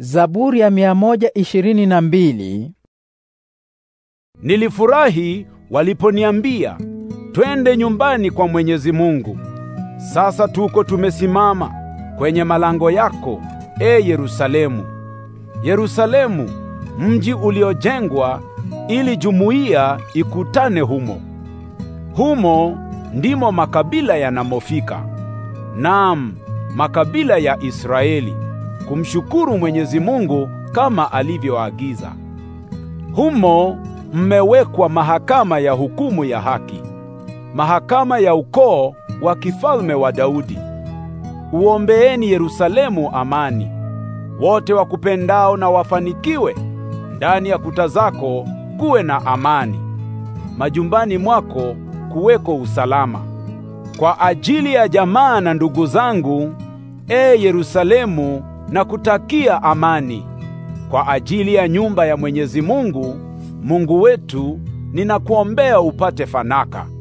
Zaburi ya 122. Nilifurahi waliponiambia twende nyumbani kwa Mwenyezi Mungu. Sasa tuko tumesimama kwenye malango yako, e Yerusalemu. Yerusalemu, mji uliojengwa ili jumuiya ikutane humo. Humo ndimo makabila yanamofika. Naam, makabila ya Israeli kumshukuru Mwenyezi Mungu kama alivyoagiza. Humo mmewekwa mahakama ya hukumu ya haki, mahakama ya ukoo wa kifalme wa Daudi. Uombeeni Yerusalemu amani. Wote wakupendao na wafanikiwe. Ndani ya kuta zako kuwe na amani, majumbani mwako kuweko usalama. Kwa ajili ya jamaa na ndugu zangu, e Yerusalemu, na kutakia amani. Kwa ajili ya nyumba ya Mwenyezi Mungu Mungu wetu, ninakuombea upate fanaka.